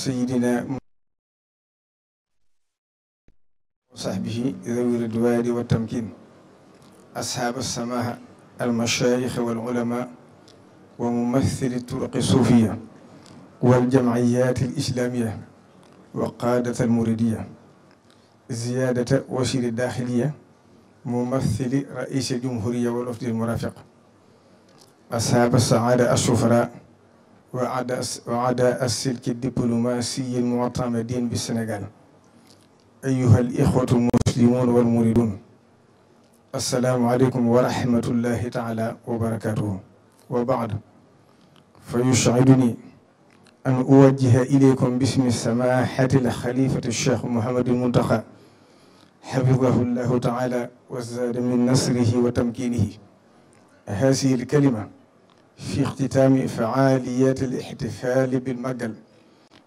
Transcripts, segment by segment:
sayidina wa sahbihi zawi ridwaani wa tamkin ashaab alsamaha almashaayix walulama wa mumathili turuqi suufiya waljamciyaat alislaamiya wa qaadat almuridiya ziyaadata wasiiri daaxiliya mumathili raïs aljumhuriya wal ofdi almurafiq ashaab alsaada alsufara وعداء وعداء السلك الدبلوماسي المعتمدين بالسنغال أيها الإخوة المسلمون والمريدون السلام عليكم ورحمة الله تعالى وبركاته وبعد فيسعدني أن أوجه إليكم باسم سماحة الخليفة الشيخ محمد المنتقى حفظه الله تعالى وزاد من نصره وتمكينه هذه الكلمة fi ixtitaami faaliyat alixtifaali bilmagal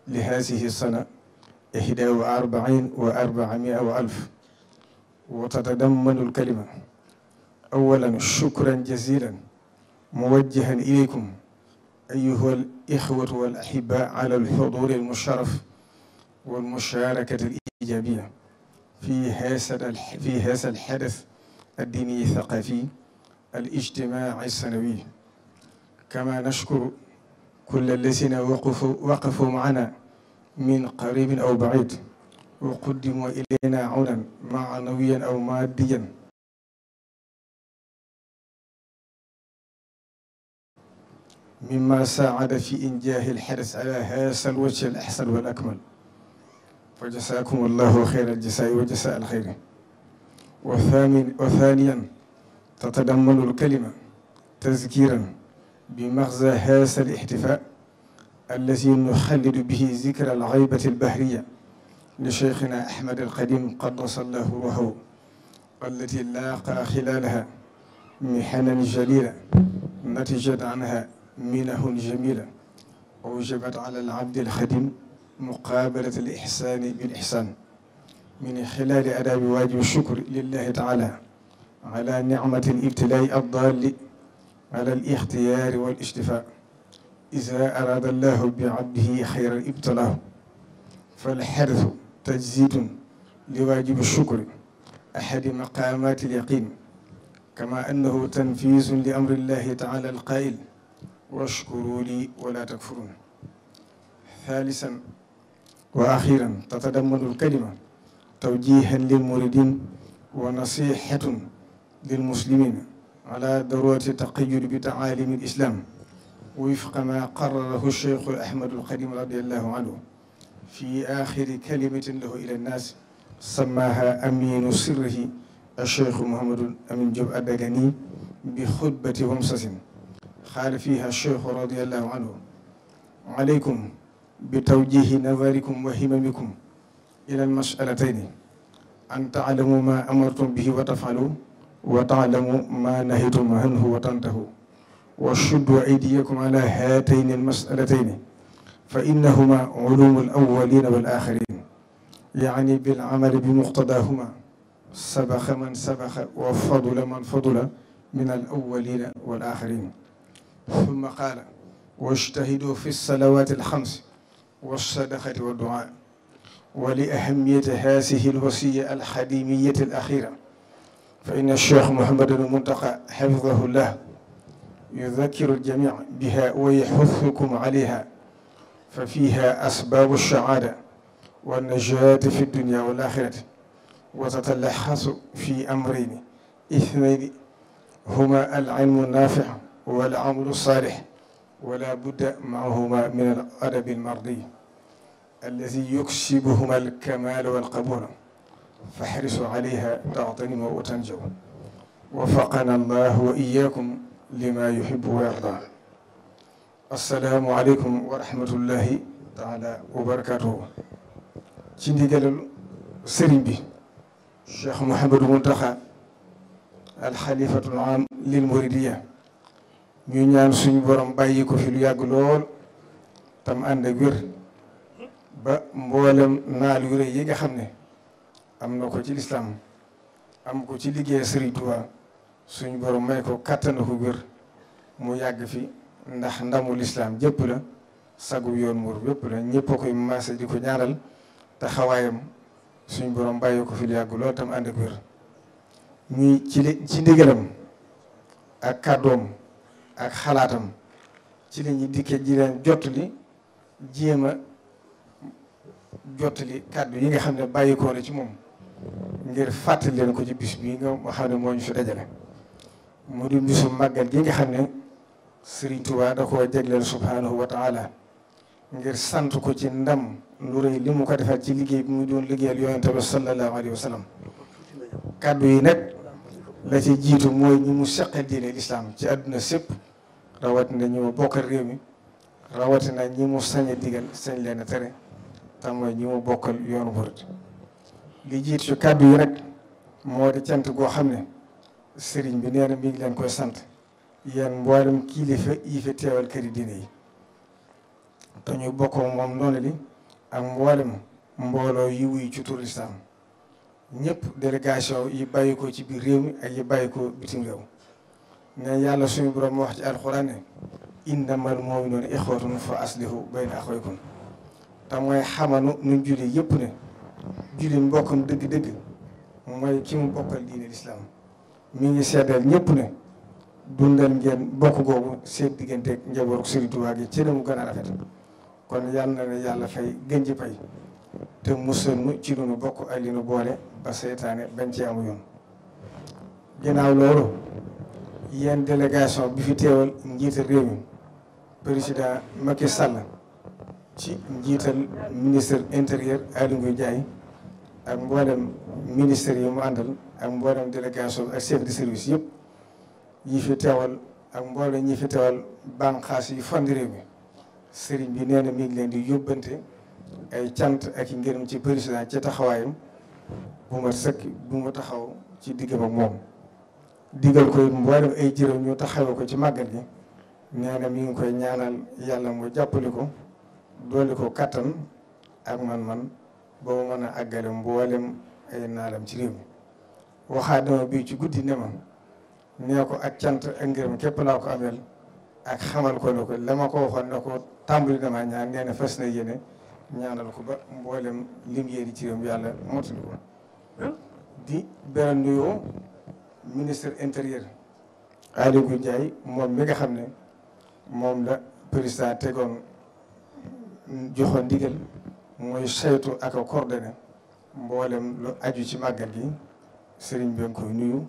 li haasihi sana ihda wa arbain wa arbamia wa alf wa tatadammanu alkalima awalan shukran jazilan muwajjahan ilaykum ayuha alixwatu walahiba ala alxuduri almusharaf walmusharakati alijabiya fi haasa alxadas addini thaqafi alijtimaci sanawi كما نشكر كل الذين وقفوا وقفوا معنا من قريب أو بعيد وقدموا إلينا عونا معنويا أو ماديا مما ساعد في إنجاه الحرص على هذا الوجه الأحسن والأكمل فجزاكم الله خير الجزاء وجزاء الخير وثانيا تتضمن الكلمة تذكيرا بمغزى هذا الاحتفاء الذي نخلد به ذكر الغيبة البحرية لشيخنا أحمد القديم قدس الله روحه التي لاقى خلالها محنا جليلة نتجت عنها منه جميلة أوجبت على العبد الخديم مقابلة الإحسان بالإحسان من خلال أداء واجب الشكر لله تعالى على نعمة الابتلاء الضال ala al-ixtiyaari wal ishtifaa izaa araada llaahu bi abdihi xayran ibtalaahu fal xarisu tajziidun li waajibi shukri axadi maqaamaati l-yaqiin kamaa annahu tanfiizun li amri llaahi tacaala al-qaa'il washkuruu lii wa laa takfuruun. saalisan wa axiiran tatadammanu l-kalima tawjiihan lil-muridiin wa nasiihatun lil-muslimiin على ضرورة التقيد بتعاليم الإسلام وفق ما قرره الشيخ أحمد القديم رضي الله عنه في آخر كلمة له إلى الناس سماها أمين سره الشيخ محمد أمين جب أدغني بخطبة همسس قال فيها الشيخ رضي الله عنه عليكم بتوجيه نظركم وهممكم إلى المسألتين أن تعلموا ما أمرتم به وتفعلوا wa taalamu ma nahitum anhu wa tantahu wa shuddu aydiyakum ala haatayni almas'alatayni fa innahuma ulumu alawalina wal axirin yaani bil amali bi muqtadahuma sabaxa man sabaxa wa fadula man fadula min alawalina wal axirin summa qaala wajtahidu fi salawaati alxams والصدقة والدعاء ولأهمية هذه الوصية الحديمية الأخيرة fa inna cheikh Mouhamadul Muntaqa xafidahullah yudakiru ljamic biha wa yaxusukum alayha fa fiha asbaabu shacaada wannajaati fi dunya wal axirati wa tatalaxasu fi amrayni ithnayni huma alcilmu naafic wal camalu saalix wala budda macahuma min aladabi almardi alladi yukshibuhuma alkamaal walqabuul فاحرصوا عليها تعطنوا وتنجوا وفقنا الله وإياكم لما يحب ويرضى السلام عليكم ورحمة الله تعالى وبركاته ci ndigalal sëriñ bi Cheikh Mouhamadou Mountakha alxalifatul am lil muridiya ñu ñaan suñu borom bàyyi ko fi lu yàgg lool tam ànd ak ba mboolem naal yu rëy yi nga xam ne am na ko ci lislaam am ko ci liggéey Sëriñ Tuubaa suñ borom may ko kàttan ko gër mu yàgg fi ndax ndamu lislaam jëpp la sagu yoon muur yëpp la ñëpp a koy maase di ko ñaanal te xawaayam suñ borom bàyyi ko fi lu yàgg loolu tam ànd ak wér ñuy ci li ci ndigalam ak kàddoom ak xalaatam ci la ñuy dikkee ji leen jottali kàddu yi nga xam ne bàyyi ko ci moom ngir fàttali leen ko ci bis bi nga xam ne moo ñu fi dajale mu di bisu màggal gi nga xam ne Sëriñ Tuubaa da koo jagleel subhaanahu wa ngir sant ko ci ndam lu rëy li mu ko defal ci liggéey bi mu doon liggéeyal yonente bi sallallahu kàddu yi nag la ci jiitu mooy ñi mu seqal diine lislaam ci àdduna sépp rawatina ñi ma bokkal réew mi rawatina ñi mu sañ a digal sañ leen a tere te mooy ñi mu bokkal yoonu murit li jiit ci kàddu yi rek moo di cant goo xam ne sëriñ bi nee bi mi leen koy sant yéen mboolem kilifa yi fi teewal këri diine yi dañu ñu bokkoo moom noonu li ak mboolem mbooloo yi wuy ci turu lislaam ñëpp délégation yi bàyyi ko ci biir réew mi ak yi bàyyi ko bitim réew ne yàlla suñu borom wax ci alxuraan ne innamal mu'minuuna ixwatun fa aslihu bayna axawaykum te mooy xamanu nu julli yëpp ne julli mbokkam dëgg-dëgg mooy ki mu bokkal diine lislaam mi ngi seddal ñëpp ne dundal ngeen bokk googu seen digganteeg njabootu Sëriñ Tuubaa gi ci la kon yal yàlla fay gën ji ci bokk ak li nu boole ba seytaane bañ ci amu yoon ginnaaw loolu yéen délégation bi fi teewal njiital réew mi président Macky Sall ci njiital ministre intérieur Aly Ngouille Ndiaye ak mboolem ministère yi mu àndal ak mboolem délégation ak chef service yëpp yi fi teewal ak mboolem ñi fi teewal bànqaas yi fond bi sëriñ bi nee na leen di yóbbante ay cant ak i ngërëm ci président ci taxawaayam bu ma sëkk bu ma taxaw ci diggam ak moom digal ko it mboolem ay jërëm ñu taxawee ko ci màggal yi nee na mi koy ñaanal yàlla mu jàppale ko doole ko kattan ak man-man ba mu mën a àggale mboolem ay naalam ci réew waxaat dama bii ci guddi ne ma nee ko ak cant ak ngërëm képp laa ko amel ak xamal ko ne ko la ko waxoon na ko tàmbali damaa ñaan nee na fas na yéene ñaanal ko ba mboolem lim yéeri ci réew mi yàlla mottali ko di beral nuyoo ministre intérieur Aly Ngouille Ndiaye moom mi nga xam ne moom la président tegoon joxoon ndigal muy saytu ak a coordonné mboolem lu aju ci màggal gi sëriñ bi nga koy nuyu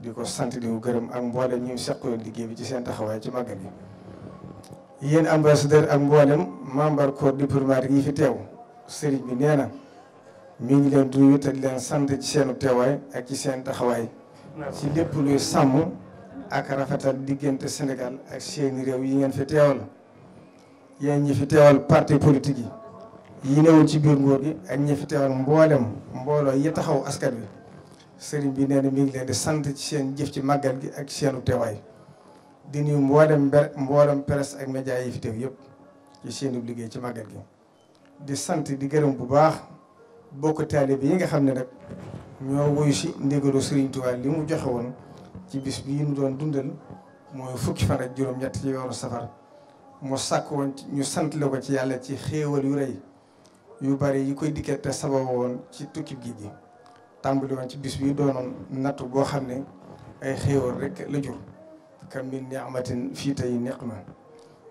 di ko sant di ko gërëm ak mboolem ñu seqoon liggéey bi ci seen taxawaay ci màggal gi. yéen ambassadeur ak mboolem membre corps diplomatique yi fi teew sëriñ bi nee na mi ngi leen di nuyu te leen sant ci seenu teewaay ak ci seen taxawaay. ci lépp luy sàmm ak rafetal diggante Sénégal ak seeni réew yi ngeen fi teewal yéen ñi fi teewal parti politique yi. yi newoon ci biir nguur gi ak ñi fi teewoon mboolem mbooloo yi taxaw askan wi sëriñ bi nee na mi ngi leen di sant ci seen jëf ci màggal gi ak seenu teewaay di nuyu mboolem mber ak média yi yëpp ci seen liggéey ci màggal gi. di sant di gërëm bu baax bokk taalibe yi nga xam ne nag ñoo wuyu si ndigalu sëriñ Tuubaa li mu joxe woon ci bis bii ñu doon dundal mooy fukki fan ak juróom-ñett ci weeru safar mu sàkk woon ñu sant la ko ci yàlla ci xéewal yu rey yu bari yi koy dikkee te sababu woon ci tukki géej gi tàmbali woon ci bis bi doonoon nattu boo xam ne ay xéewal rek la jur ni min ni'matin fii tey niqma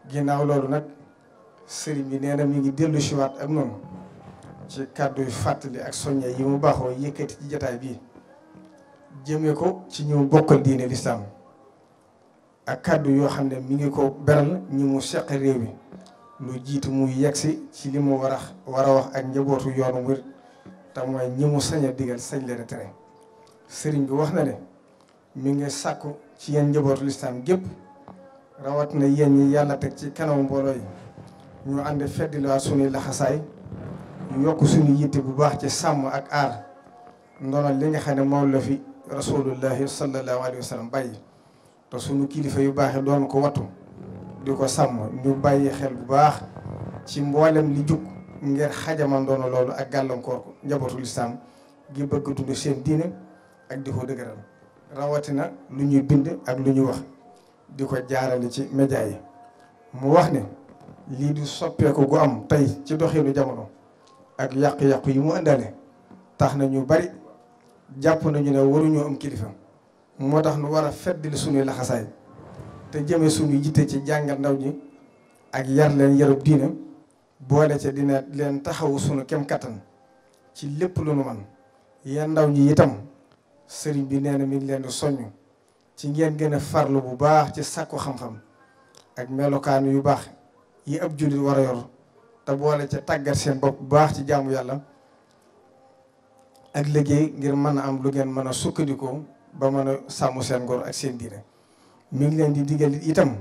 ginnaaw loolu nag sëriñ bi nee na mi ngi dellu siwaat ak noonu ci kàddu yu fàttali ak soññe yi mu baaxoo yëkkati ci jataay bii jëmee ko ci ñu bokkal diine lislaam ak kàddu yoo xam ne mi ngi ko beral ñi mu seq réew mi lu jiitu muy yegsi ci li mu war a war a wax ak njabootu yoonu murit te mooy ñi mu sañ a digal sañ leen a tere sëriñ bi wax na ne mi ngi sàkku ci yéen njabootu lislaam gépp rawat na yéen ñi yàlla teg ci kanam mbooloo yi ñu ànd fedd la suñuy laxasaay yokk suñu yitte bu baax ci sàmm ak aar ndono li nga xam ne moom la fi rasulullahi sallallahu alayhi wa sallam bàyyi te kilifa yu baax yi doon wattu di ko sàmm ñu bàyyi xel bu baax ci mboolem li jug ngir xajamandoona loolu ak gàllankoor ko njabootu lislaam gi bëgg dund seen diine ak di ko dëgëral rawatina lu ñuy bind ak lu ñuy wax di ko jaarale ci média yi mu wax ne lii di soppeeku gu am tey ci doxinu jamono ak yàqu-yàqu yi mu àndale tax na ñu bari jàpp nañu ne waruñoo am kilifa moo tax nu wara a feddali suñuy laxasaay te jëmee suñu yitte ci jàngal ndaw ñi ak yar leen yarub diina boole ca dina leen taxawu sunu kem kattan ci lépp lu nu man yéen ndaw ñi itam sëriñ bi nee na mi ngi leen di soññ ci ngeen gën a farlu bu baax ci sàkku xam-xam ak melokaanu yu baax yi ab jullit war a yor te boole ca tàggat seen bopp bu baax ci jàmm yàlla ak liggéey ngir mën a am lu ngeen mën a sukkandikoo ba mën a sàmm seen ngor ak seen diine mi ngi leen di digal itam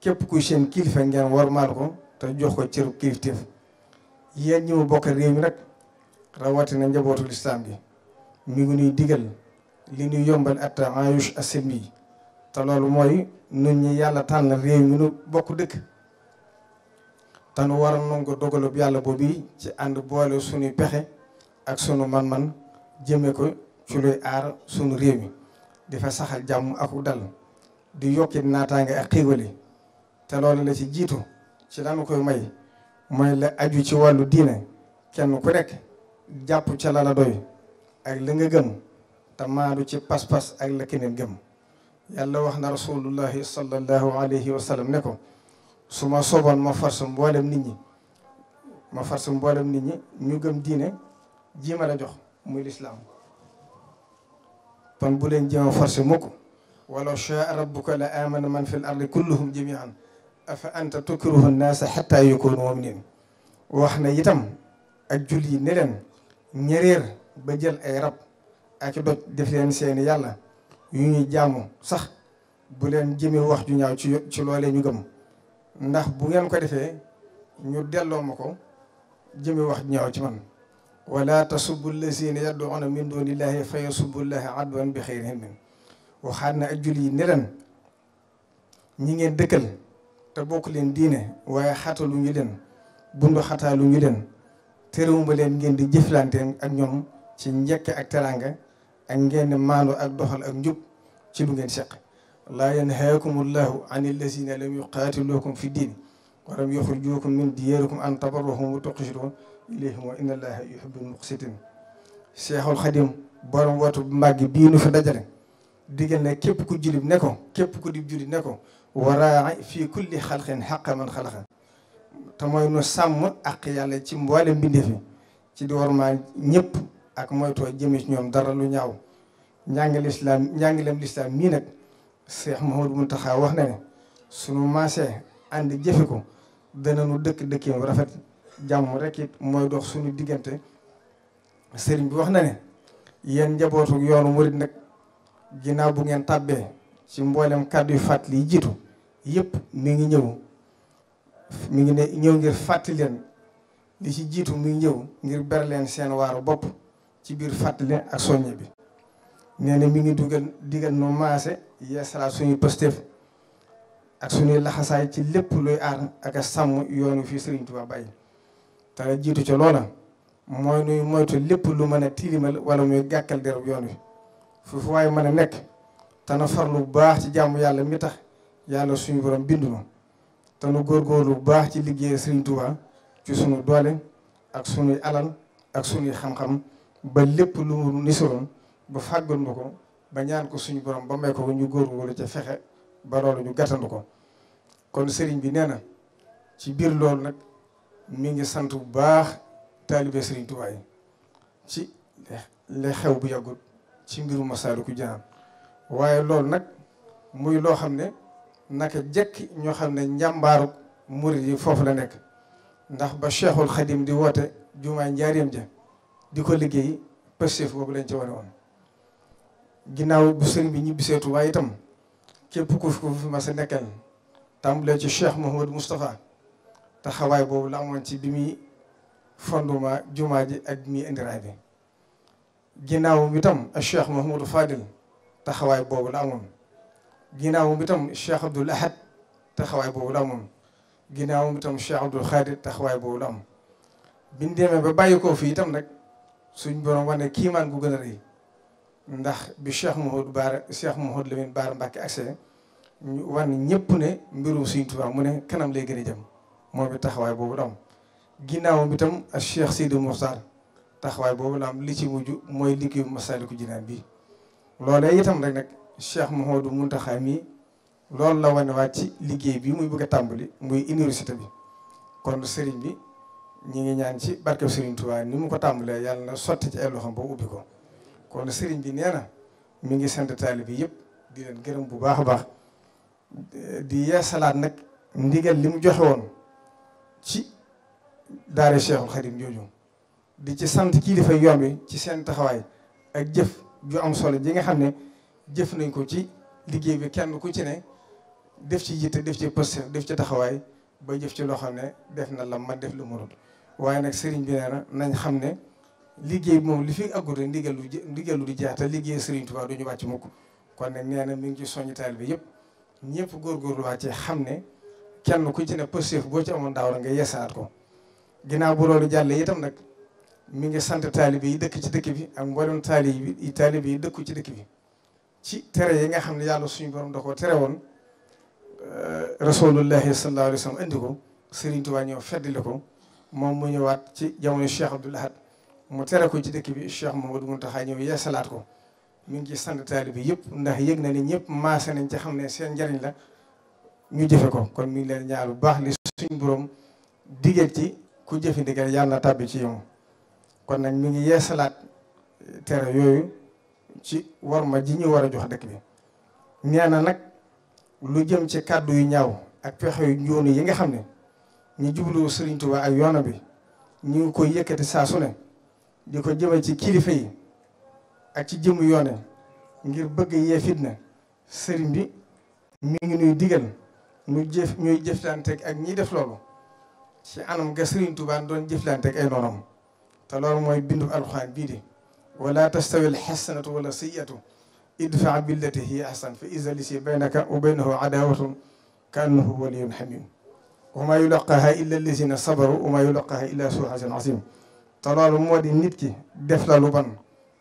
képp kuy seen kilifa ngeen warmaal ko te jox ko cër kilifteef yéen ñi mu bokk réew mi rek rawatina njabootu lislaam bi mi ngi nuy digal li ñuy yombal at ayush asim yi te loolu mooy nun ñi yàlla tànn réew mi nu bokk dëkk te nu war a nangu dogalub yàlla boobu ci ànd boole suñuy pexe ak sunu man-man jëme ko ci luy aar sunu réew yi di fa saxal jàmm aku dal di yokki naataange ak xéewali te loolu la ci jiitu ci lan koy may mooy la aju ci wàllu diine kenn ku rekk jàpp ca la ak la nga gëm te maadu ci pas-pas ak la keneen gëm yàlla wax na rasulullahi sallallahu alayhi wa ne ko su ma soboon ma farsu mboolem nit ñi ma farsu mboolem nit ñi ñu gëm diine ji ma la jox muy lislaam kon bu leen jéem far farsu mukk walaw shaa ko la amana man fi l ardi kulluhum jamian afa anta tukrihu nnaasa xatta yakunu muminin wax na itam ak jul yi ne leen ñereer ba jël ay rab ak doj def leen seeni yàlla yu ñuy jaamu sax bu leen jëme wax ju ñaaw ci ci loolee ñu gëm ndax bu ngeen ko defee ñu delloo ma ko jëme wax ju ñaaw ci man wala tasubbu lazina yad'una min dunillahi fa yasubbu llaha adwan bi xayri min waxaat na ak jullit yi ne ñi ngeen dëkkal te bokk leen diine waaye xatalu ñu leen bundu xataalu ñu leen terewuma leen ngeen di jëflante ak ñoom ci njëkk ak teraanga ak ngeen maandu ak doxal ak njub ci lu ngeen seq laa yanhaakumu llahu an allazina lam yuqaatilukum fi diin wa lam yuxrijukum min diyarikum an tabarruhum wa tuqsitu ilayhim wa inna allaha yuhibbul muqsitin Seexul Xadim borom watu màgg bii nu fi dajale digal ne képp ku julib ne ko képp ku di julib ne ko waraa fii kulli xalqin xaqa man xalaqa te mooy nu sàmm ak yàlla ci mboole mbindeef ci di war maa ñëpp ak moytoo jëme su ñoom dara lu ñaaw njàngale lislaam njàngaleem lislaam mii nag Cheikh Mouhamadou Mountakha wax na ne sunu maasee ànd jëfe ko dana nu dëkk dëkkeem rafet jàmm rek mooy dox suñu diggante sëriñ bi wax na ne yéen njabootu yoonu murit nag ginnaaw bu ngeen tàbbee ci mboolem kàddu yu fàttali jiitu yëpp mi ngi ñëw mi ngi ne ñëw ngir fàttali leen li ci jiitu mi ngi ñëw ngir ber leen seen waaru bopp ci biir fàttali ak soññe bi. nee na mi ngi dugal digal nu maase yeesalaat suñu pësteef ak suñuy laxasaay ci lépp luy aar ak a sàmm yoonu fii Serigne Touba Baye te jiitu ca loola mooy nuy moytu lépp lu mën a tilimal wala muy gàkkal derb yoon wi. foofu waaye mën a nekk te na farlu bu baax ci jàmm yàlla mi tax yàlla suñu borom bindu ma te nu góorgóorlu bu baax ci liggéey Sëriñ ci sunu doole ak sunuy alal ak sunuy xam ba lépp lu mu ba fàggal ko ba ñaan ko suñu borom ba may ko ñu ca fexe ba ñu gàttandu ko kon sëriñ bi nee na ci biir loolu nag mi ngi sant bu baax taalibe Sëriñ Tuubaa ci li xew bu yàggut ci mbiru Masaalikul Jinaan waaye loolu nag muy loo xam ne naka jëkk ñoo xam ne njàmbaaru muri yi foofu la nekk ndax ba Cheikhul Xadim di woote jumaa njaareem ja di ko liggéey pëstéef boobu lañ ci wane woon ginnaaw bu sëriñ bi ñibbi seetu waaye itam képp ku fi ko fi mas a nekkal tàmbalee ci Cheikh Mouhamadou te xawaay boobu la amoon ci bi muy fondement jumaa ji ak bi muy indiraay bi ginnaawam itam Cheikh Mouhamadou Fadil taxawaay boobu la amoon ginnaawam itam Cheikh Abdoul Ahad taxawaay boobu la amoon ginnaawam itam Cheikh Abdoul Khadir taxawaay boobu la am biñ demee ba bàyyi ko fii tam nag suñ boroom wane kiimaan bu gën a rey ndax bi Cheikh Mouhamadou Baara Cheikh Mouhamadou Lamine Baara Mbacke accès ñu wane ñëpp ne mbirum Sëriñ Tuubaa mu ne kanam lay gën a jëm moo bi taxawaay boobu la am ginnaawam itam Cheikh Sidi Moukhtar taxawaay boobu la am li ci mujj mooy liggéeyu Masaalikul Jinaan bi loolee itam rek nag Cheikh Mouhamadou Mountakha mi lool la wanewaat ci liggéey bi muy bëgg a tàmbali muy université bi kon sëriñ bi ñu ngi ñaan ci barkeb sëriñ Tuubaa ni mu ko tàmbalee yàlla na sotti ci ay loxo ba ubbi ko kon sëriñ bi nee na mi ngi sent taalibe bi yëpp di leen gërëm bu baax a baax di yeesalaat nag ndigal li mu joxe woon ci daara Cheikhul Khadim jooju di ci sant kilifa yoon wi ci seen taxawaay ak jëf ju am solo ji nga xam ne jëf nañ ko ci liggéey bi kenn ku ci ne def ci yitte def ci poste def ci taxawaay ba jëf ci loo xam ne def na lam man def lu mënul waaye nag sëriñ bi nee na nañ xam ne liggéey moom li fi àggul rek ndigal lu lu di jeex te liggéey sëriñ Tuubaa du ñu wàcc mukk kon nag nee na mi ngi ci soññi taal bi yëpp ñëpp góorgóorlu waa ci xam ne kenn ku ci ne poste boo ci amoon daaw la nga yeesaat ko mi ngi sant taalibe yi dëkk ci dëkk bi ak mboolem taalibe yi taalibe yi dëkku ci dëkk bi ci tere yi nga xam ne yàlla suñ borom doo koo tere woon euh, rasulullahi sallallahu alayhi wa sallam andi ko Serigne Touba ñëw feddali ko moom mu ñëwaat ci jamono Cheikh Abdoul Ahad mu tere ko ci dëkk bi Cheikh Mamadou Mountakha ñëw yeesalaat ko mi ngi sant taalibe yi yëpp ndax yëg na ni ñëpp maase nañ ci xam ne seen njariñ la ñu jëfe ko kon mu ngi leen ñaar bu baax li suñu borom digal ci ku jëfe ndigal yàlla na tàbbi ci yow. kon nag mi ngi yeesalaat eh, tere yooyu ci waruma ji ñu war a jox dëkk bi nee na nag lu jëm ci kàddu yu ñaaw ak pexe yu njoonu yi nga xam ne ñu jublu Sëriñ Tuubaa ak yoona bi ñu ngi koy yëkkati saa ne di ko jëme ci kilifa yi ak ci jëm yoone ngir bëgg yee na sëriñ bi mi ngi nuy digal nu jëf ñuy jëflanteeg ak ñiy def loolu ci anam ga Sëriñ Tuubaa doon jëflanteeg ay noonam te loolu mooy bindu alxuraan bii di wala tastawi alxasanatu wala sayatu idfa billati hiya ahsan fa iza lisi baynaka wa baynahu adawatun ka annahu waliyun hamim wa ma yulaqaha illa allazina sabaru wa ma yulaqaha illa su azin azim te moo di nit ki def la lu ban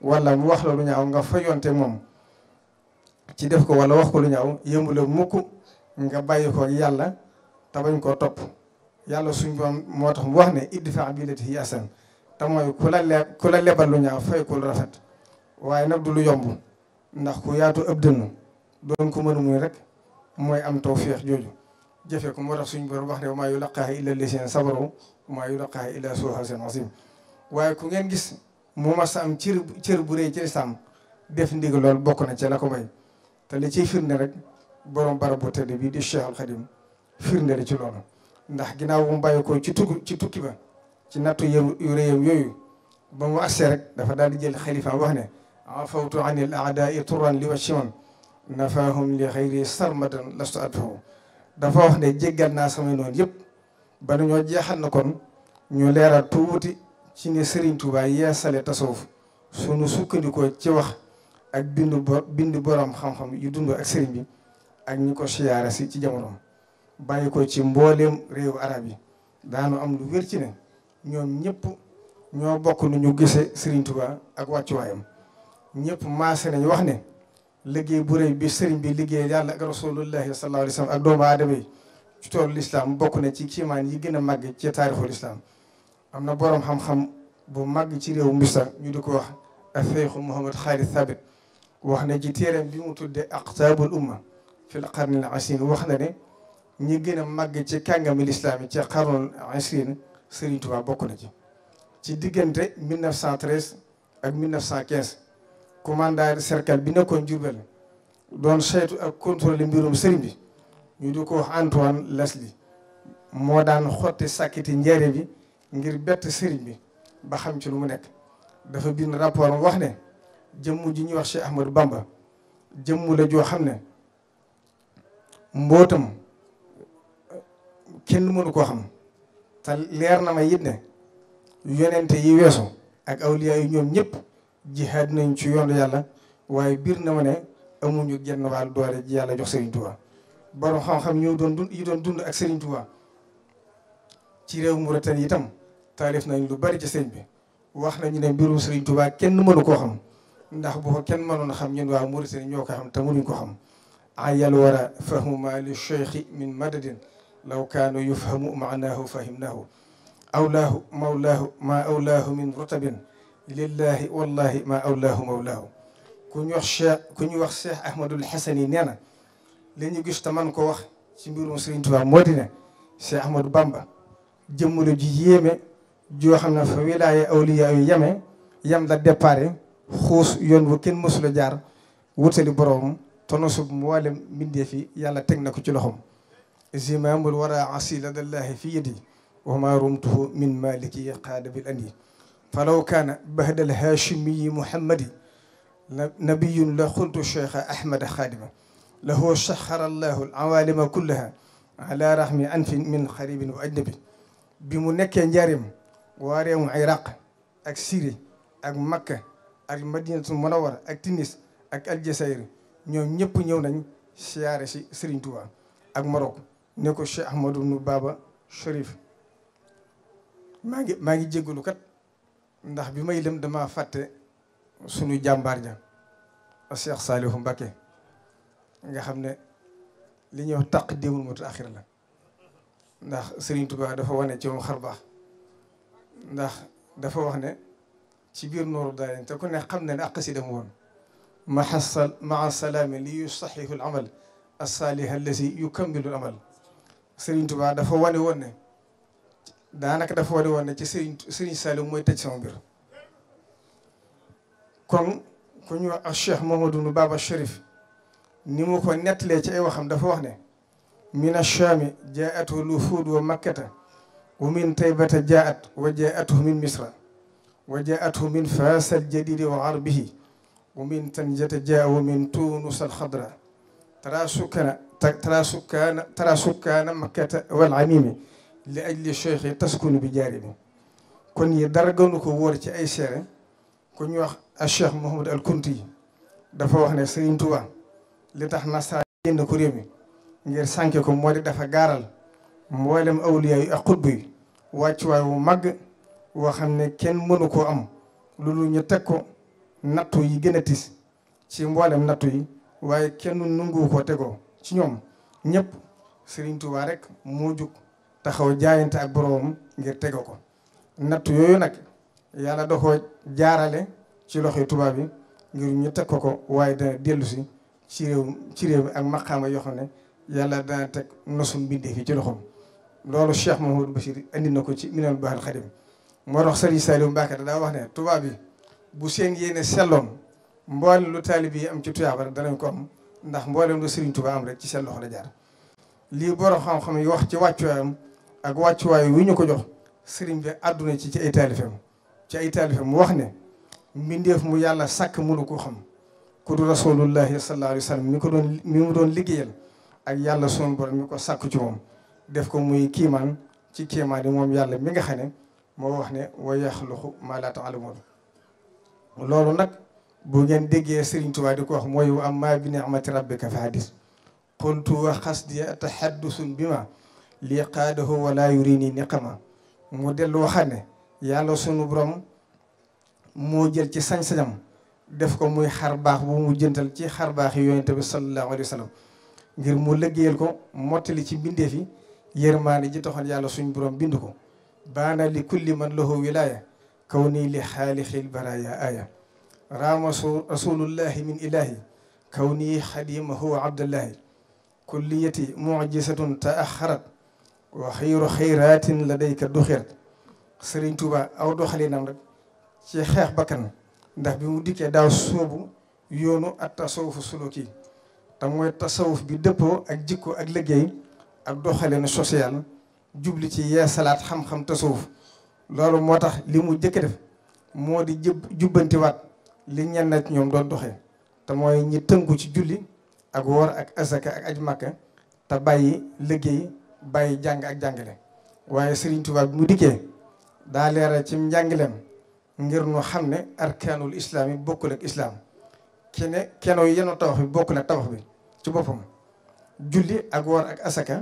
wala wax la lu ñaaw nga fayonte moom ci def ko wala wax ko lu ñaaw yëmbu la mukk nga bàyyi ko yàlla te bañ ko topp yàlla suñ boom moo tax mu wax ne idfa billati hiya ahsan te mooy ku la leb ku la lebal lu rafet waaye nag du lu yomb ndax ku yaatu ëpp dënnu doon ko mën a rek mooy am feex jooju jëfe ko moo tax suñu borom wax ne maa yulaqaaha illa lazina sabaru maa yulaqaaha illa zu hazzin aziim waaye ku ngeen gis mu mas a am cër bu rëy ci lislaam def ndig lool bokk na ci la ko may te li ciy firnde rek borom barab bu tëdd bii di Cheikh Al Khadim firnde la ci lool ndax ginnaaw bu mu bàyyi ko ci ci tukki ba. ci nattu yu réyam yooyu ba mu agsee rek dafa daal di jël xalifa wax ne afawtu an il aadai turan li wacciman nafahum li xayri sarmadan lastu adfahu dafa wax ne jéggal naa samay noonu yëpp ba ñoo jeexal na kon ñu leeral tuuti ci ne Serigne Touba yeesale tasawuf sunu sukkandikoo ci wax ak bindu bo bindu borom xam-xam yu dund ak Serigne bi ak ñi ko siyaare si ci jamono bàyyi ko ci mbooleem réewu arab yi daanu am lu wér ci ne. ñoom ñëpp ñoo bokk nu ñu gisee Serigne Touba ak wàccuwaayam ñëpp maase nañu wax ne liggéey bu rëy bi Serigne bi liggéey yàlla ak rasulullahi sallallahu ak doomu aadama yi ci toolu lislaam bokk na ci kiimaan yi gën a màgg ci taarixu lislaam am na boroom xam-xam bu màgg ci réew mista ñu di ko wax ak feyxu Mouhamad Khalid Thabit wax na ci téereem bi mu tuddee aqtaabul umma fil qarnil asin wax na ne ñi gën a màgg ci kàngami lislaam yi ci qarnul Serigne Touba bokk na ci ci diggante 1913 ak 1915 commandant cercle bi nekkoon Diourbel doon saytu ak contrôler mbirum Serigne bi ñu di ko wax Antoine Leslie moo daan xotti sàkkiti njëre bi ngir bett Serigne bi ba xam ci lu mu nekk dafa bind rapport wax ne jëmm ji ñuy wax Cheikh Ahmadou Bamba jëmm la joo xam ne mbootam kenn mënu koo xam te leer na ma yit ne yonente yi weesu ak awliya yi ñoom ñëpp jihaad nañ ci yoonu yàlla waaye biir na ma ne amuñu genn wàll doole ji yàlla jox Serigne Touba borom xam-xam ñoo doon dund dund ak Serigne Touba ci réew Mauritanie itam taalif nañ lu bari ci sëñ bi wax nañu ne mbiru Serigne tubaa kenn mënu koo xam ndax bu ko kenn mënoon xam ñun waa Mauritanie ñoo ko xam te mënuñ ko xam ayal wara fahmu ma li cheikhi min madadin law kaanu yufhamu maanaahu fahimnaahu awlaahu maa awlaahu min rutabin lillahi wallahi maa awlaahu mawlaahu ku ñu wax cheikh ku ñuy wax cheikh ahmadul xasani nee na li gis te man ko wax ci mbirum Sëriñ Tuubaa moo di ne bamba jëmmula ji yéeme joo xam ne fa wilaaya awliya yu yeme yam la déparé xuus yoon wu kenn mësula jaar wutali boroom tonosub mboolem mbindeef yi yàlla teg na ko ci loxoom زمام الورى عصي لدى الله في يدي وما رمته من مالكي قاد بالأني فلو كان بهد الهاشمي محمدي نبي لقلت الشيخ أحمد خادما له سخر الله العوالم كلها على رحم أنف من قريب وأجنبي bi mu nekkee njaarim waa réewum iraq ak syrie ak makka ak madinatul munawwara ak tunis ak aljazair ñoom ñëpp ñëw nañ siyaare si Serigne Touba ak Maroc ne ko Cheikh Ahmadou nu Baba Chérif maa ngi maa ngi jéggalu kat ndax bi may dem dama fàtte suñu jàmbaar ja Cheikh Saliou Mbacké nga xam ne li ñuy wax taq déewul mu taaxir la ndax Serigne Touba dafa wane ci xar baax dafa wax ne ci biir nooru daalen te ku ne xam na ne ak si dem woon maa maa salaami li yusaxihu al amal assaaliha allasi yukammilu al amal Serigne Touba dafa wane woon ne daanaka dafa wane woon ne ci Serigne Serigne Saliou mooy tëj sama mbir kon ku ñu wax ak Cheikh Mouhamadou Baba Chérif ni mu ko nettalee ci ay waxam dafa wax ne min achaami jaatu lufuud wa makkata wa min taybata jaat wa jaatu min misra wa jaatu min faas aljadidi wa arbihi wa min tanjata jaa wa min tuunus alxadra tara sukkana ترى سكان ترى سكان مكة والعميمة لأجل الشيخ تسكن بجانبه kon yi dara gënu ko wóor ci ay seere ku ñuy wax a Cheikh Mouhamad al yi dafa wax ne Serigne Touba li tax nasara génn ko réew mi ngir sànke ko moo di dafa gaaral mboolem awliya yi ak xutba waaye wàccuwaay wu màgg woo xam ne kenn mënu ko am lu loolu ñu teg ko nattu yi gën a tis ci mboolem nattu yi waaye kenn nungu ko tegoo ci ñoom ñëpp sëriñ Touba rek moo jug taxaw jaayante ak boroomam ngir tege ko natt yooyu nag yàlla da ko jaarale ci loxoy tubaab yi ngir ñu teg ko ko waaye dana dellu si ci réew ci réew mi ak maqaama yoo xam ne yàlla dana teg nosum mbindee fi ci loxoom loolu Cheikh Mahamadou Bachir indi na ko ci minal baaxal xadim moo tax Serigne daa wax ne tubaab yi bu seen yéene selloon mboole lu taalib yi am ci tuyaaba danañ ko am ndax mboolem lu Serigne Touba am rek ci seen loxo la jaar. lii borom xam-xam yi wax ci wàccuwaayam ak wàccuwaay wi ñu ko jox Serigne bi àdduna ci ci ay taalifam ci ay taalifam mu wax ne mbindeef mu yàlla sàkk mënu ko xam ku du rasulullahi sallallahu alayhi wa sallam mi ko doon mi doon liggéeyal ak yàlla sunu borom mi ko sàkk ci moom def ko muy kiimaan ci kiimaan yi moom yàlla mi nga xam ne moo wax ne wa yaxluqu ma laa ta'lamuun loolu nag. bu ngeen déggee Serigne Touba di ko wax mooy wa amma bi ni'mati rabbika fa hadis qultu wa xasdi atahaddusun bi ma lii qaadahu wala yurini niqama mu dellu waxa ne yàlla sunu borom moo jël ci sañ-sañam def ko muy xar baax bu mu jëntal ci xar baax yi yonente bi sallallahu alayhi wa ngir mu liggéeyal ko mottali ci bindeef fi yërmaane ji taxoon yàlla suñu borom bind ko baana li kulli man lahu wilaaya kaw nii li xaalixil baraaya aya raama rasulullahi min ilahi kawni xadimahu wa abdullahi kulliyati mujisatun taaxarat wa xayru xayratin ladayka duxirat sëriñ Tuuba aw doxalinam rek ci xeex bakkan ndax bi mu dikkee daaw soobu yoonu ak tasawufu suluki te mooy tasawuf bi dëppoo ak jikko ak liggéey ak doxalin social jubli ci yeesalaat xam-xam tasawuf loolu moo tax li mu jëkk def moo di jub jubbantiwaat li ñenn nag ñoom doon doxe te mooy ñi tënku ci julli ak wor ak asaka ak aj màkka te bàyyi liggéey bàyyi jàng ak jàngale waaye Serigne Touba bi mu dikkee daa ci ci njàngaleem ngir nu xam ne arkaanul islaam yi bokkul ak islaam kene keno yenu tabax bi bokkul ak tabax bi ci boppam julli ak woor ak asaka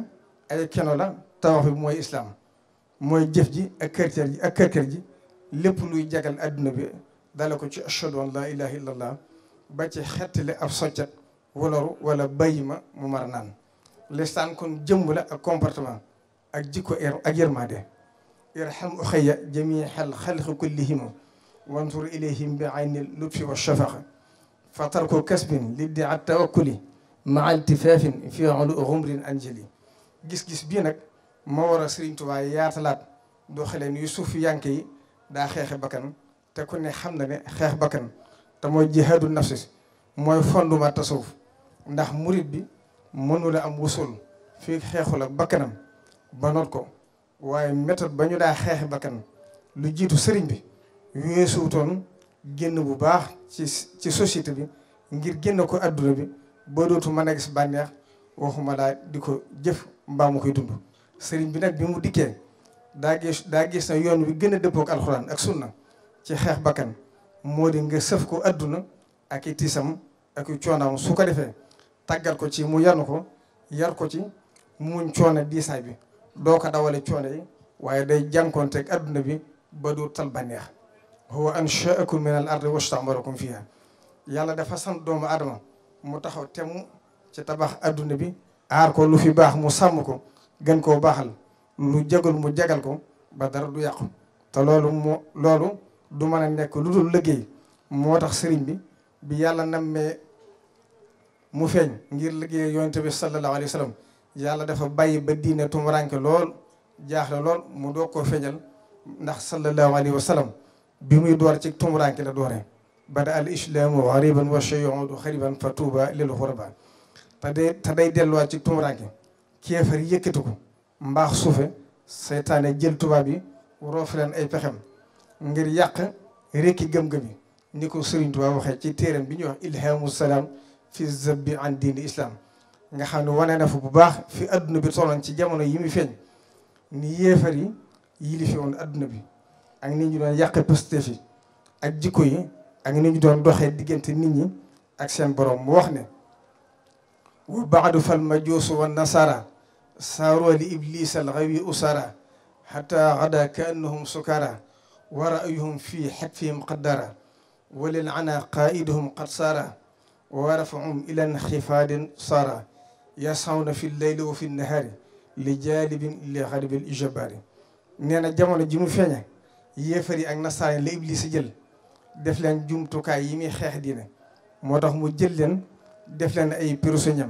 ay keno la tabax bi mooy islaam mooy jëf ji ak kërkër ji ak ji lépp luy jagal àdduna bi dale ko ci ashhadu an laa ilaaha illallah ba ci xettali ab soccet woloru wala bàyyi ma mu mar naan listaan kon jëmb la ak comportement ak jikko er ak yërmaade irham uxayya jamiixal xalqi kullihim wansur ilayhim bi ayni lutfi wa shafaqa fa tarku kasbin liddia tawakkuli maa iltifaafin fi ulu xumrin anjali gis-gis bii nag moo war a Sëriñ Tuubaa yaatalaat doxaleen yu suufi yànke yi daa xeexe bakkan te ku ne xam na ne xeex bakkan te mooy jihaadu nafsi mooy fondement tasawuf ndax murit bi mënula am wusul fii xeexula bakkanam ba ko waaye méthode ba ñu daa xeexi bakkan lu jiitu sëriñ bi weesuutoon génn bu baax ci ci société bi ngir génn ko adduna bi ba dootu mën a gis bànneex waxuma daa di ko jëf mbaa mu koy dund sëriñ bi nag bi mu dikkee daa gis daa gis na yoon wi gën a dëppook alxuraan ak na ci xeex bakkan moo di nga sëf ko adduna ak i tiisam ak i coonaam su ko defee tàggat ko ci mu yanu ko yar ko ci muñ coono diisaay bi doo ko dawale coono yi waaye day jànkoonteeg adduna bi ba du tal bànneex huwa anshaakum min al ko wastamarakum fiha yàlla defa sant doomu aadama mu taxaw temm ci tabax adduna bi aar ko lu fi baax mu sàmm ko gën koo baaxal lu jagul mu jagal ko ba dara du yàqu te loolu mu loolu du mën a nekk lu dul liggéey moo tax sëriñ bi bi yàlla nammee mu feeñ ngir liggéey yonent bi sallallahu alayhi wa sallam yàlla dafa bàyyi ba diine tumuranke lool jaaxle lool mu doo ko feeñal ndax sallallahu alayhi wa sallam bi muy door ci tumuranke la dooree bada al islaamu xariban wa shayudu xariban fa tuuba lil xuraba te day delluwaat ci tumuranke keefar yëkkati ko mbaax suufe seytaane jël tubaab yi roof leen ay pexem ngir yàq rekki gëm ni ko Serigne Touba waxee ci téeram bi ñuy wax ilhamu salaam fi zabbi an diini islam nga xam ne wane na fa bu baax fi adduna bi tolloon ci jamono yi muy feeñ ni yéefar yi yilife woon adduna bi ak ni ñu doon yàqe positif yi ak jikko yi ak ni ñu doon doxee diggante nit ñi ak seen borom mu wax ne wa baadu fal majuusu wa nasara saaroo li iblisa al xawi usara xata xada ka annahum sukara wa ra'yuhum fi xatfihim qad dara wa lil ana qaa'iduhum qad sara wa rafahum ila inxifaadin sara yasawna fi leyli wa fi nahaari li jaalibin li xaribin ijabaari nee na jamono ji mu feeñe yéefar yi ak nasaraan la Iblis jël def leen jumtukaay yi muy xeex diine moo tax mu jël leen def leen ay prisonniers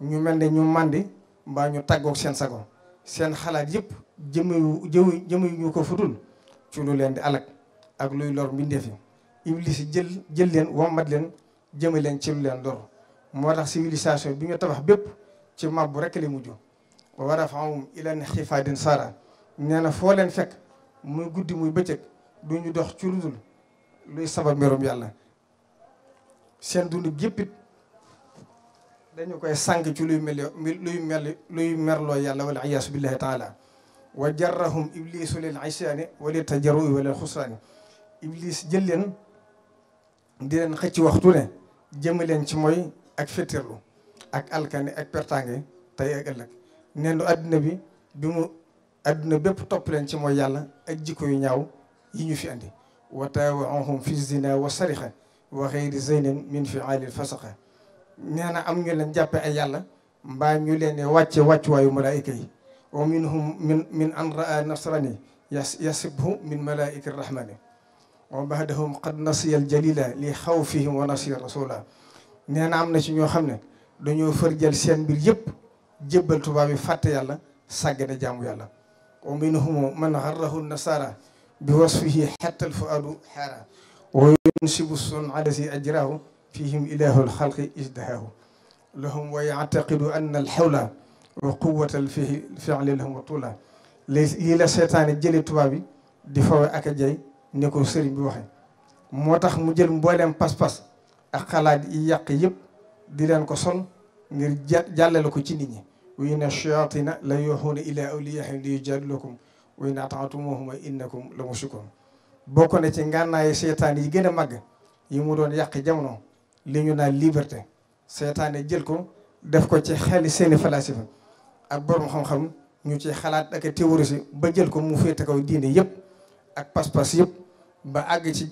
ñu mel ne ñu màndi mbaa ñu tàggoog seen sago seen xalaat yëpp jëmewu jëwu jëmewu ñu ko fudul ci lu leen di alak ak luy lor mbindeef yi iblis jël jël leen wommat leen jëme leen ci lu leen lor moo tax civilisation bi nga tabax bépp ci bu rek li mujj wa rafahum ilan xifaadin sara nee na foo leen fekk muy guddi muy bëccëg du ñu dox ci luy sabab mbirum yàlla seen dund gépp it dañu koy sànq ci luy mel luy mel luy merloo yàlla wala iyaasu billahi taala wa jarrahum iblisu lil isyaani wa li tajarruhi wa lil xusraani iblis jël leen di leen xëcc waxtu ne jëme leen ci mooy ak fettirlu ak alkane ak pertange tey ak ëllëg nendu àdduna bi bi mu àdduna bépp topp leen ci mooy yàlla ak jikko yu ñaaw yi ñu fi andi wa taawahum fi zina wa sarixa wa xeyri zeynin min fi alil fasaxa nee am ñu leen jàppe ay yàlla mbaa ñu leen wàcce wàccuwaayu malaayika yi wa minhum min min an raa nasrani yasibhu min malaika rahmani wa baadahum qad nasiya al jalila li xawfihim wa nasiya rasula nee na am na ci ñoo xam ne dañoo fër jël seen mbir yëpp jébbal tubaab yi fàtte yàlla sàggane jaamu yàlla wa minhum man xarrahu nasara bi wasfihi xatta al fuadu xaara wa yunsibu sun alasi ajrahu fihim ilahu alxalqi isdahaahu lahum wa yactaqidu anna alxawla wa quwatal fii fi'li lahum wa tuula léegi yii la seetaane jële tubaab di fawe ak a ni ko sëriñ bi waxe moo tax mu jël mbooleem pas-pas ak xalaat yi yàq yëpp di leen ko sol ngir jàllale ko ci nit ñi wa inna shayatina la yuuxuuna ilaa awliyaahim li yujaadilukum wa in ata'tumuuhum innakum la mushrikuun bokk na ci ngànnaayu seetaan yi gën a màgg yi mu doon yàq jamono li ñu liberté seetaane jël ko def ko ci xeli seeni falaasifa ak borom xam-xam ñu ci xalaat ak théorisé ba jël ko mu féete kaw diine yëpp ak pas-pas yëpp ba àgg ci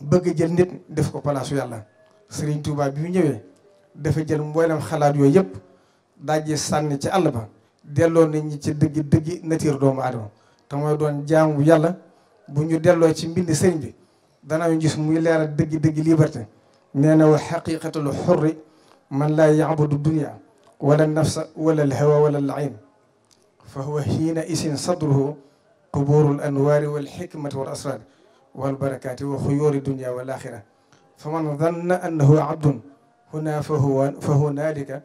bëgg jël nit def ko palaasu yàlla Serigne Touba bi mu ñëwee dafa jël mboolem xalaat yooyu yëpp dajje sànni ci àll delloo nañ ci dëgg dëgg nature doomu aadama te mooy doon jaamu yàlla bu ñu delloo ci mbind sëriñ bi danañ gis muy leeral dëgg dëgg liberté nee na wa xaqiqatul xurri man laa yaabudu dunia wala nafsa wala alhawa wala alayn fa huwa xiina isin sadruhu qubuuru alanwaari walxikmati wal asraar walbarakaati wa xuyuuri dunia wal axira fa man danna annahu abdun huna fa huwa fa hunaalika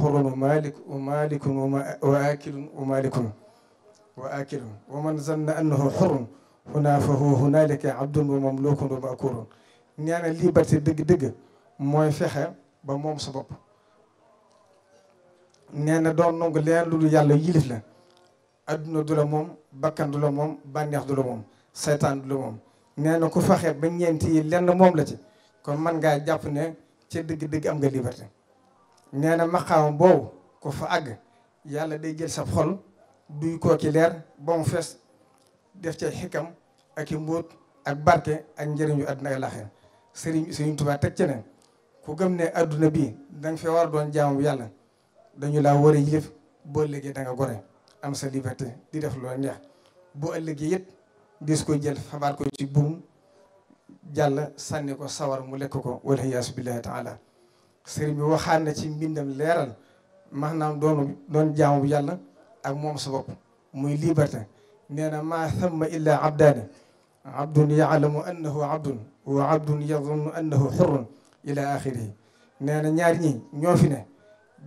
xurun maalik wa maalikun wa aakilun wa maalikun wa aakilun wa man zanna annahu xurun huna fa huwa hunaalika abdun wa mamluukun wa maakuurun nee na liberté dëgg-dëgg mooy fexe ba moom sa bopp nee na doon nangu leneen lu dul yàlla yilif la adduna du la moom bakkan du la moom bànneex du la moom saytaan du la moom nee ku faxee ba ñeenti yi lenn moom la ci kon man ngaa jàpp ne ca dëgg-dëgg am nga liberté nee na maqaama boobu ku fa àgg yàlla day jël sa xol duy koo ci leer ba mu fees def ca xikam ak i mbóot ak barke ak njëriñu àdduna ak laaxira sëriñ sëriñ Tuubaa teg ci ne ku gëm ne adduna bii danga fee war doon jaamu yàlla dañu la war a yilif boo ëllëgee da gore am sa liberté di def loola neex boo ëllëgee yëpp dis ko jël xabaar ko ci buum jàll sànni ko sawar mu lekk ko wala yaasu billahi taala sëriñ bi waxaan na ci mbindam leeral maanaam doon doon jaamu yàlla ak moom sa muy liberté nee na maa thamma illa abdaani abdun yaalamu annahu abdun wa abdun yadunnu annahu xurrun ila axirihi nee na ñaar ñi ñoo fi ne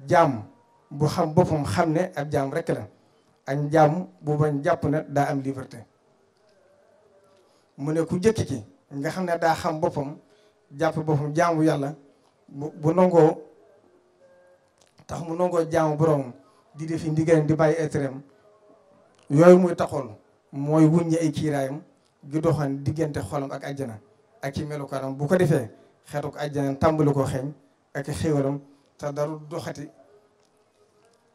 jaam bu xam boppam xam ne ak jaam rek la ak jaam bu bañ jàpp na daa am liberté mu ne ku jëkk ki nga xam ne daa xam boppam jàpp boppam jaamu yàlla bu bu nangoo tax mu nangoo jaamu boroom di defi ndigalam di bàyyi etreem yooyu muy taxoon mooy wuññi ay kiiraayam gi doxan diggante xolam ak àjjana ak ci melukaanam bu ko defee xetuk àjjana tàmbali koo xeeñ ak xéwalam te daru doxati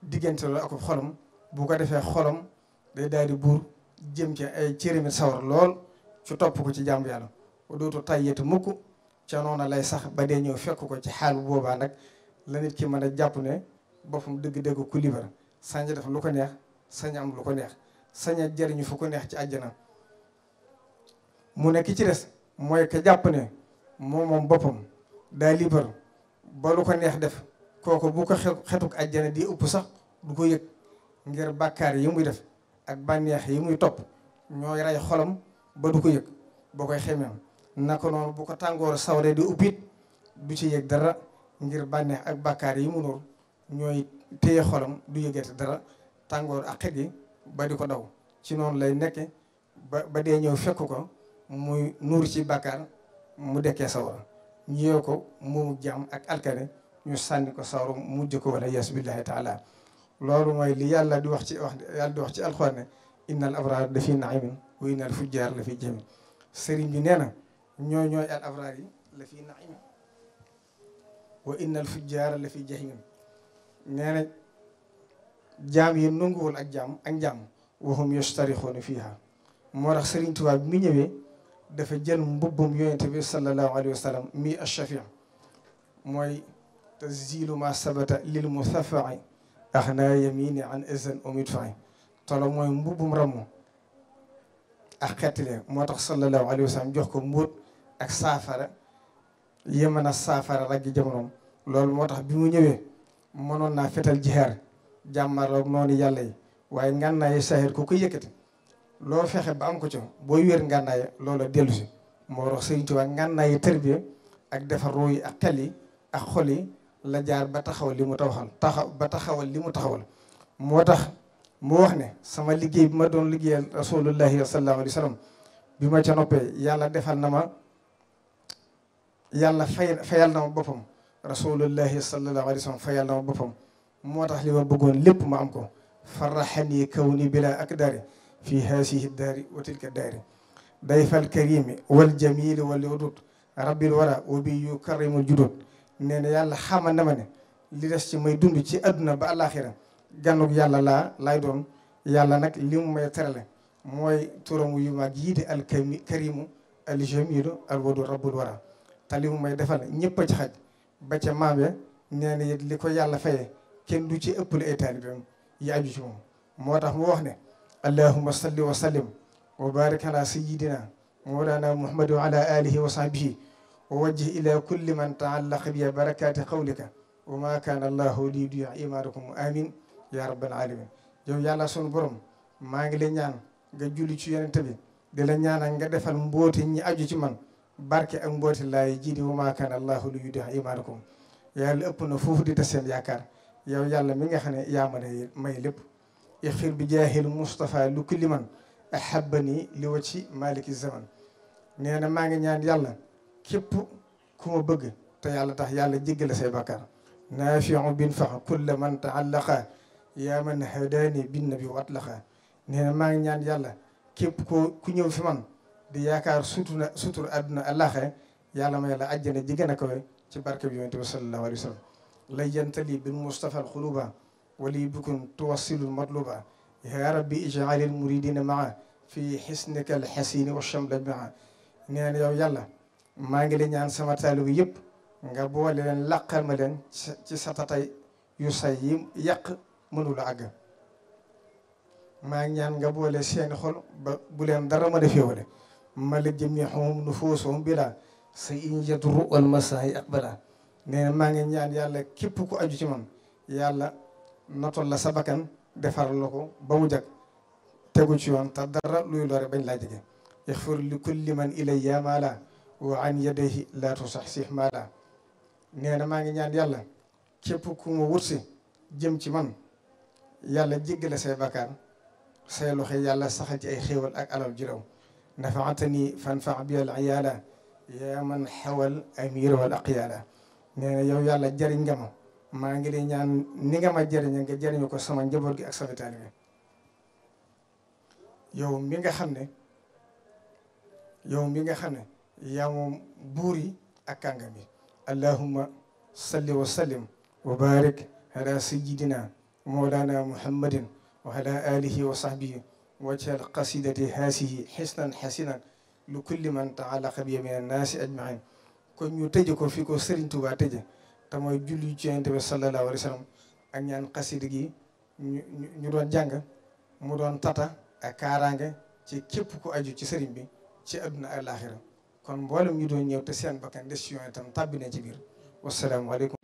diggante loolu ak xolam bu ko defee xolam day daal buur jëm ci ay cëramit sawar lool ci topp ko ci jàmm yàlla dootu tayyatu mukk ca noona lay sax ba dee ñëw fekk ko ci xaal boobaa nag la nit ki mën a jàpp ne boppam dëgg-dëgg ku libar sañ lu ko neex sañ ko neex sañ a fu ko neex ci àjjana mu ne ci des mooy ka jàpp ne moom boppam daa libar ba lu ko neex def kooku bu ko xetuk àjjana di ëpp sax du ko yëg ngir bàkkaar yi muy def ak bànneex yi muy topp ñooy rey xolam ba du ko yëg boo koy xemeem naka noonu bu ko tàngoor sawre di uppit du ci yëg dara ngir bànneex ak bakkaar yi mu nuur ñooy téye xolom du yëgate dara tàngoor ak xet yi ba di ko daw ci noonu lay nekke ba ba dee ñëw fekk ko muy nuur ci bàkkaar mu dekkee sawra ñëwee ko moomu jàmm ak alkane ñu sànni ko sawru mujj ko wala yaasu billahi taala loolu mooy li yàlla di wax ci wax yàlla di wax ci alxuraan ne innal abraar la fi naimin la fi jamin sëriñ bi nee na ñoo ñooy al abraar yi fi naimin wa innal fujjaar la fi jahimin nee na jaam yi nanguwul ak jaam ak jaam waxum yastarixoona fiiha moo tax sëriñ Tuubaa bi mu ñëwee dafa jël mbubbum yonente bi sallallahu alayhi wa sallam mi mooy tanzilu ma sabata lil musaffai ax naa yamini an izan umid fai tolo mooy mbubbum ramm ak xettile moo tax sallallahu alayhi wa sallam jox ko mbóot ak saafara yemën a saafara raggi jamonoom loolu moo tax bi mu ñëwee mënoon naa fetal jihaar jàmmarloog noonu yàlla yi waaye ngànnaaye sahir ku ko yëkkati loo fexe ba am ko ci booy wéer ngànnaaye lool dellu si moo tax Sëriñ Tuubaa ngànnaaye tarbiya ak defar ruu yi ak xel yi ak xol yi la jaar ba taxawal li mu taxawal taxaw ba taxawal li mu taxawal moo tax mu wax ne sama liggéey bi ma doon liggéeyal rasulullahi sallallahu alayhi wa sallam bi ma ca yàlla defal na ma yàlla fay fayal na ma boppam rasulullahi sallallahu alayhi wa sallam fayal na ma boppam moo tax li ma bëggoon lépp ma am ko faraxani kawni bila akdari fi haasihi daari wa tilka daari dayfal karimi wal jamili wal wadud rabbil wara wa bi yukarrimul judud nee na yàlla xamal na ma ne li des ci may dund ci àdduna ba àllaaxira gànnug yàlla laa laay doon yàlla nag li mu may terale mooy turamu yu mag yii di al karimu al jamilu al wadu rabbul wara te may defal ñëpp a ci xaj ba ca maam ya nee li ko yàlla fayee kenn du ci ëppale ay taalibeem yi aju ci moom moo tax mu wax ne allahumma salli wa sallim wa barik ala sayidina mawlana muhammad wa ala wa sahbihi wa wajjih ila kulli man taallaqa bi barakaati qawlika wa ma kaana allahu li yudi'a imaanakum amin ya rabbal alamin yow yàlla sunu borom maa ngi lay ñaan nga julli ci yonent bi di la nga defal mbooti ñi aju ci man barke ak mbooti laay jiidi wa ma kaana allahu li yudi'a imaanakum yàlla ëpp na foofu di ta seen yaakaar yow yàlla mi nga xam ne yaa mën a may lépp ixfir bi jaahil Moustapha lu kulli man ahabani li wacci maliki zaman nee maa ngi ñaan yàlla képp ku ma bëgg te yàlla tax yàlla jéggale say bakkaar naafiu bin fax kulla man taallaqa yaa man hadaani bin nabi watlaqa nee na maa ngi ñaan yàlla képp ko ku ñëw fi man di yaakaar sutur na sutur àdduna àllaaxe yàlla may la àjjana ji gën a kawe ci barke bi yonent bi sallallahu alayhi wa sallam lay yantali bil mustafa al xuluba wali bukun tuwassilu matluba yaa rabbi ijaalil muridina maa fi xisnika al xasini wa chamla maa nee na yow yàlla maa ngi la ñaan sama taalibu yëpp nga boole leen làqal ma leen ci sa tatay yu say yi yàq mënula àgg maa ngi ñaan nga boole seen xol ba bu leen dara ma defee wala ma la jëmixum nu foosoom sa injet ru al masa yi ak balaa nee na maa ngi ñaan yàlla képp ku aju ci man yàlla notol la sa bakkan defar la ko ba mu jag tegu ci yoon te dara luy lore bañ laa jege ixfir li kulli man ilayya maala wa an yadayhi sax tusaxsih maala nee maa ngi ñaan yàlla képp ku ma wutsi jëm ci man yàlla jéggale say bakkaar say loxo sax saxal ci ay xéewal ak alal julaw nafaatani fanfaa bi al iyaala yaa man xawal amir wal aqyaala nee na yow yàlla jëriñ nga maa ngi lay ñaan ni nga ma jëriñe nga jëriñu ko sama njaboot gi ak sama taalibe yow mi nga xam ne yow mi nga xam ne yaa moom buur yi ak kàngam yi allahumma salli wa sallim wa barik ala sayyidina mawlana muhammadin wa ala alihi wa sahbihi wajhal qasidati haasihi xisnan xasinan lu kulli man taalaqa bi min annaasi ajmain kon ñu tëje ko fi ko Sëriñ Tuubaa tëje te mooy julli ci Yonent bi sallallahu alayhi wa sallam ak ñaan xasida gi ñu ñu doon jàng mu doon tata ak kaaraange ci képp ku aju ci sëriñ bi ci àdduna ak laaxira kon mboolem ñu doon ñëw te seen bakkan des yoon itam tàbbi na ci biir